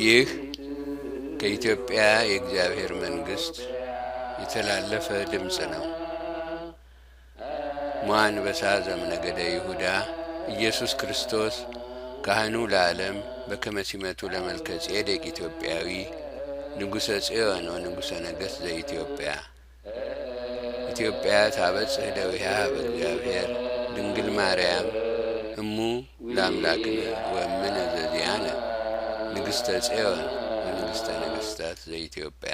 ይህ ከኢትዮጵያ የእግዚአብሔር መንግስት የተላለፈ ድምፅ ነው። ሟአንበሳ ገደ ይሁዳ ኢየሱስ ክርስቶስ ካህኑ ለዓለም በከመ ሲመቱ ለመልከ ጼዴቅ ኢትዮጵያዊ ንጉሠ ጽዮን ወንጉሠ ነገሥት ዘኢትዮጵያ ኢትዮጵያ ታበጽህ እደዊሃ በእግዚአብሔር ድንግል ማርያም እሙ ለአምላክነ ወእምነ ዘዚአነ ንግሥተ ጽዮን ወንግሥተ ነገሥታት ዘኢትዮጵያ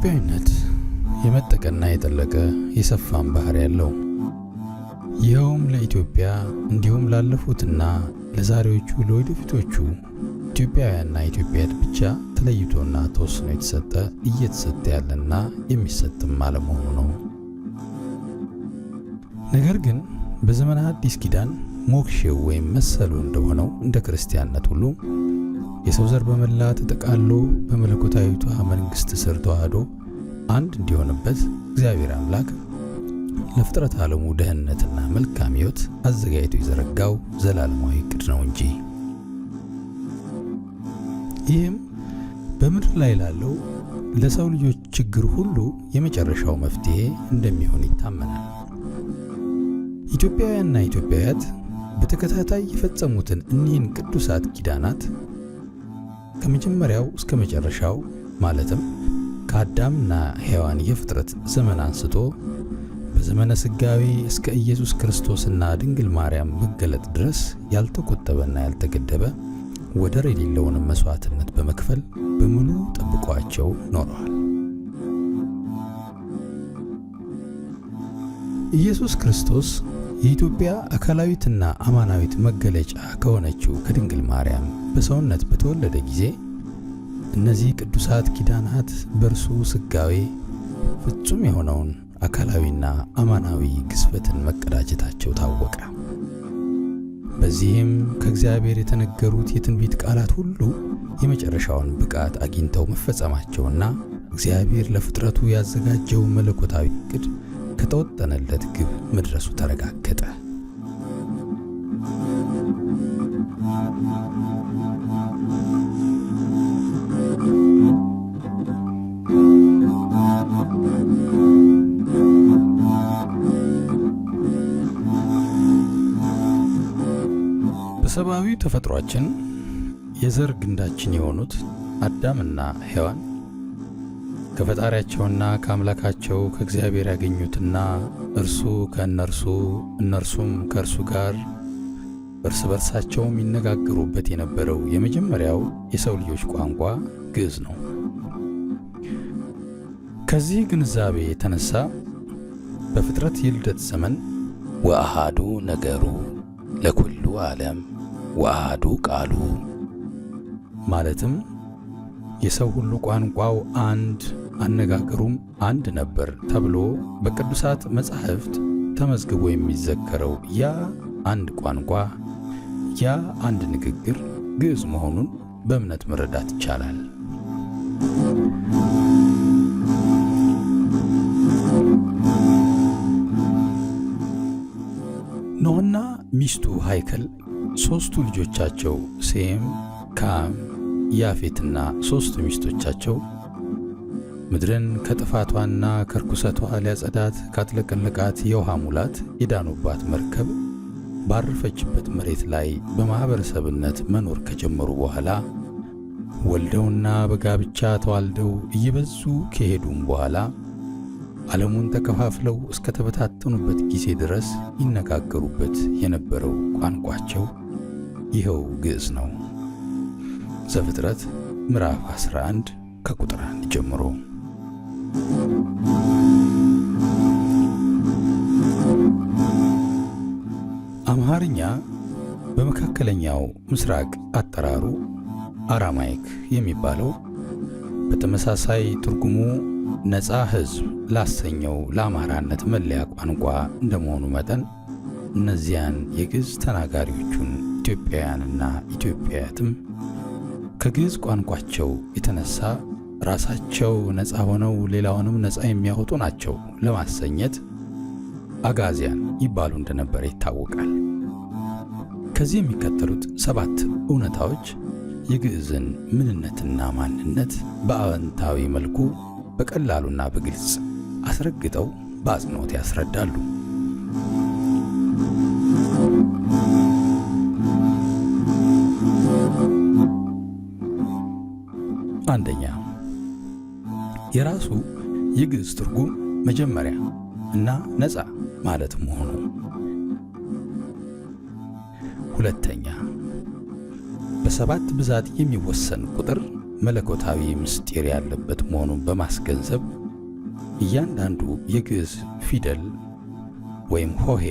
ኢትዮጵያዊነት የመጠቀና የጠለቀ የሰፋም ባህር ያለው ይኸውም ለኢትዮጵያ እንዲሁም ላለፉትና ለዛሬዎቹ ለወደፊቶቹ ኢትዮጵያውያንና ኢትዮጵያት ብቻ ተለይቶና ተወስኖ የተሰጠ እየተሰጠ ያለና የሚሰጥም አለመሆኑ ነው። ነገር ግን በዘመነ አዲስ ኪዳን ሞክሼው ወይም መሰሉ እንደሆነው እንደ ክርስቲያንነት ሁሉ የሰው ዘር በመላ ተጠቃሎ በመለኮታዊቷ መንግሥት ስር ተዋህዶ አንድ እንዲሆንበት እግዚአብሔር አምላክ ለፍጥረት ዓለሙ ደህንነትና መልካም ሕይወት አዘጋጅቶ የዘረጋው ዘላለማዊ ዕቅድ ነው እንጂ። ይህም በምድር ላይ ላለው ለሰው ልጆች ችግር ሁሉ የመጨረሻው መፍትሄ እንደሚሆን ይታመናል። ኢትዮጵያውያንና ኢትዮጵያውያት በተከታታይ የፈጸሙትን እኒህን ቅዱሳት ኪዳናት ከመጀመሪያው እስከ መጨረሻው ማለትም ከአዳምና ሔዋን የፍጥረት ዘመን አንስቶ በዘመነ ስጋዊ እስከ ኢየሱስ ክርስቶስና ድንግል ማርያም መገለጥ ድረስ ያልተቆጠበና ያልተገደበ ወደር የሌለውንም መሥዋዕትነት በመክፈል በሙሉ ጠብቋቸው ኖረዋል። ኢየሱስ ክርስቶስ የኢትዮጵያ አካላዊትና አማናዊት መገለጫ ከሆነችው ከድንግል ማርያም በሰውነት በተወለደ ጊዜ እነዚህ ቅዱሳት ኪዳናት በእርሱ ሥጋዌ ፍጹም የሆነውን አካላዊና አማናዊ ግዝፈትን መቀዳጀታቸው ታወቀ። በዚህም ከእግዚአብሔር የተነገሩት የትንቢት ቃላት ሁሉ የመጨረሻውን ብቃት አግኝተው መፈጸማቸውና እግዚአብሔር ለፍጥረቱ ያዘጋጀው መለኮታዊ እቅድ። ከተወጠነለት ግብ መድረሱ ተረጋገጠ። በሰብአዊ ተፈጥሯችን የዘር ግንዳችን የሆኑት አዳምና ሔዋን ከፈጣሪያቸውና ከአምላካቸው ከእግዚአብሔር ያገኙትና እርሱ ከእነርሱ እነርሱም ከእርሱ ጋር እርስ በርሳቸውም ይነጋገሩበት የነበረው የመጀመሪያው የሰው ልጆች ቋንቋ ግዕዝ ነው። ከዚህ ግንዛቤ የተነሳ በፍጥረት ይልደት ዘመን ወአሃዱ ነገሩ ለኩሉ ዓለም ወአሃዱ ቃሉ ማለትም የሰው ሁሉ ቋንቋው አንድ አነጋገሩም አንድ ነበር ተብሎ በቅዱሳት መጻሕፍት ተመዝግቦ የሚዘከረው ያ አንድ ቋንቋ፣ ያ አንድ ንግግር ግዕዝ መሆኑን በእምነት መረዳት ይቻላል። ኖኅና ሚስቱ ሃይከል ሦስቱ ልጆቻቸው ሴም፣ ካም፣ ያፌትና ሦስቱ ሚስቶቻቸው ምድርን ከጥፋቷና ከርኩሰቷ ሊያጸዳት ካጥለቀለቃት የውሃ ሙላት የዳኑባት መርከብ ባረፈችበት መሬት ላይ በማኅበረሰብነት መኖር ከጀመሩ በኋላ ወልደውና በጋብቻ ተዋልደው እየበዙ ከሄዱም በኋላ ዓለሙን ተከፋፍለው እስከ ተበታተኑበት ጊዜ ድረስ ይነጋገሩበት የነበረው ቋንቋቸው ይኸው ግዕዝ ነው። ዘፍጥረት ምዕራፍ 11 ከቁጥር 1 ጀምሮ አምሃርኛ በመካከለኛው ምስራቅ አጠራሩ አራማይክ የሚባለው በተመሳሳይ ትርጉሙ ነፃ ሕዝብ ላሰኘው ለአማራነት መለያ ቋንቋ እንደመሆኑ መጠን እነዚያን የግዕዝ ተናጋሪዎቹን ኢትዮጵያውያንና ኢትዮጵያያትም ከግዕዝ ቋንቋቸው የተነሳ ራሳቸው ነፃ ሆነው ሌላውንም ነፃ የሚያወጡ ናቸው ለማሰኘት አጋዚያን ይባሉ እንደነበረ ይታወቃል። ከዚህ የሚከተሉት ሰባት እውነታዎች የግዕዝን ምንነትና ማንነት በአዎንታዊ መልኩ በቀላሉና በግልጽ አስረግጠው በአጽንኦት ያስረዳሉ። አንደኛ የራሱ የግዕዝ ትርጉም መጀመሪያ እና ነፃ ማለት መሆኑ። ሁለተኛ በሰባት ብዛት የሚወሰን ቁጥር መለኮታዊ ምስጢር ያለበት መሆኑን በማስገንዘብ እያንዳንዱ የግዕዝ ፊደል ወይም ሆሄ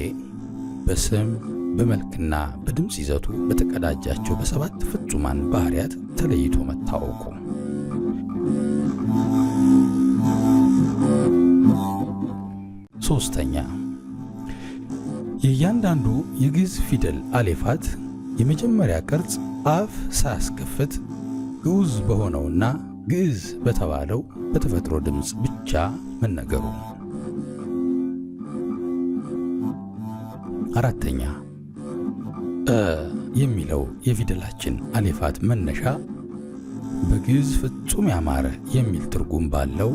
በስም በመልክና በድምፅ ይዘቱ በተቀዳጃቸው በሰባት ፍጹማን ባህሪያት ተለይቶ መታወቁ ሶስተኛ የእያንዳንዱ የግዕዝ ፊደል አሌፋት የመጀመሪያ ቅርጽ አፍ ሳያስከፍት ግዑዝ በሆነውና ግዕዝ በተባለው በተፈጥሮ ድምፅ ብቻ መነገሩ። አራተኛ እ የሚለው የፊደላችን አሌፋት መነሻ በግዕዝ ፍጹም ያማረ የሚል ትርጉም ባለው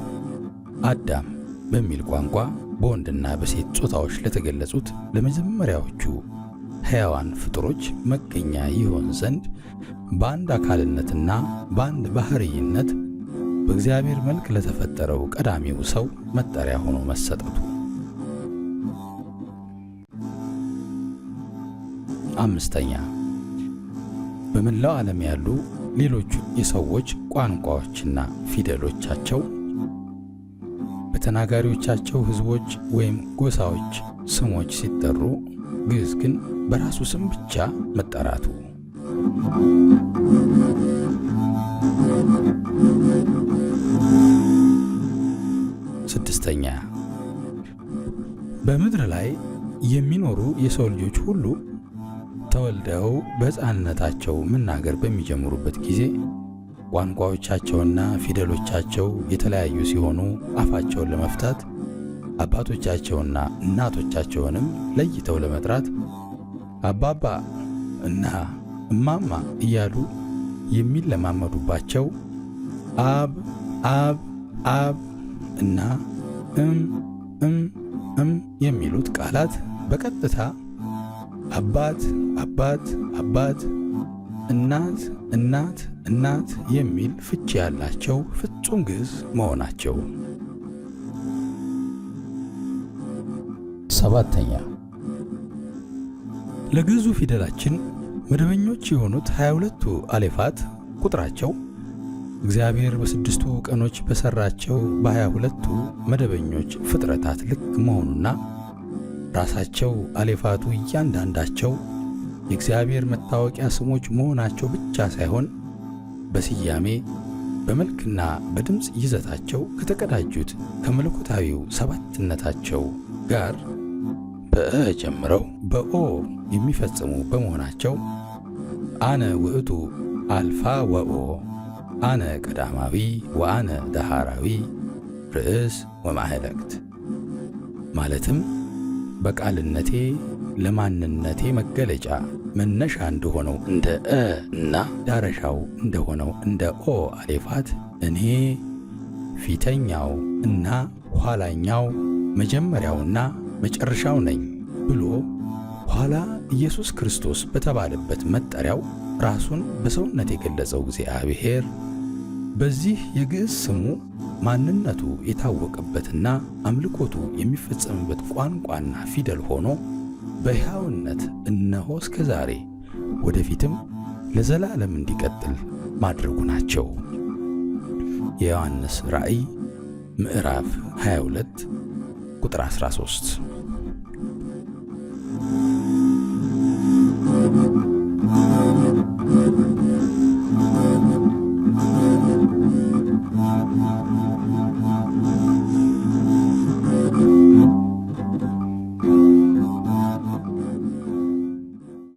አዳም በሚል ቋንቋ በወንድና በሴት ጾታዎች ለተገለጹት ለመጀመሪያዎቹ ሕያዋን ፍጡሮች መገኛ ይሆን ዘንድ በአንድ አካልነትና በአንድ ባሕርይነት በእግዚአብሔር መልክ ለተፈጠረው ቀዳሚው ሰው መጠሪያ ሆኖ መሰጠቱ። አምስተኛ በመላው ዓለም ያሉ ሌሎች የሰዎች ቋንቋዎችና ፊደሎቻቸው በተናጋሪዎቻቸው ህዝቦች ወይም ጎሳዎች ስሞች ሲጠሩ፣ ግዕዝ ግን በራሱ ስም ብቻ መጠራቱ ስድስተኛ በምድር ላይ የሚኖሩ የሰው ልጆች ሁሉ ተወልደው በሕፃንነታቸው መናገር በሚጀምሩበት ጊዜ ቋንቋዎቻቸውና ፊደሎቻቸው የተለያዩ ሲሆኑ አፋቸውን ለመፍታት አባቶቻቸውና እናቶቻቸውንም ለይተው ለመጥራት አባባ እና እማማ እያሉ የሚለማመዱባቸው አብ አብ አብ እና እም እም እም የሚሉት ቃላት በቀጥታ አባት አባት አባት እናት እናት እናት የሚል ፍቺ ያላቸው ፍጹም ግዕዝ መሆናቸው። ሰባተኛ ለግዕዙ ፊደላችን መደበኞች የሆኑት 22ቱ አሌፋት ቁጥራቸው እግዚአብሔር በስድስቱ ቀኖች በሠራቸው 22 ቱ መደበኞች ፍጥረታት ልክ መሆኑና ራሳቸው አሌፋቱ እያንዳንዳቸው የእግዚአብሔር መታወቂያ ስሞች መሆናቸው ብቻ ሳይሆን በስያሜ በመልክና በድምፅ ይዘታቸው ከተቀዳጁት ከመለኮታዊው ሰባትነታቸው ጋር በእ ጀምረው በኦ የሚፈጽሙ በመሆናቸው አነ ውእቱ አልፋ ወኦ፣ አነ ቀዳማዊ ወአነ ዳሃራዊ ርእስ ወማዕለቅት ማለትም በቃልነቴ ለማንነቴ መገለጫ መነሻ እንደሆነው እንደ እ እና ዳረሻው እንደሆነው እንደ ኦ አሌፋት እኔ ፊተኛው እና ኋላኛው መጀመሪያውና መጨረሻው ነኝ ብሎ ኋላ ኢየሱስ ክርስቶስ በተባለበት መጠሪያው ራሱን በሰውነት የገለጸው እግዚአብሔር በዚህ የግዕዝ ስሙ ማንነቱ የታወቀበትና አምልኮቱ የሚፈጸምበት ቋንቋና ፊደል ሆኖ በሕያውነት እነሆ እስከ ዛሬ ወደፊትም ለዘላለም እንዲቀጥል ማድረጉ ናቸው። የዮሐንስ ራእይ ምዕራፍ 22 ቁጥር 13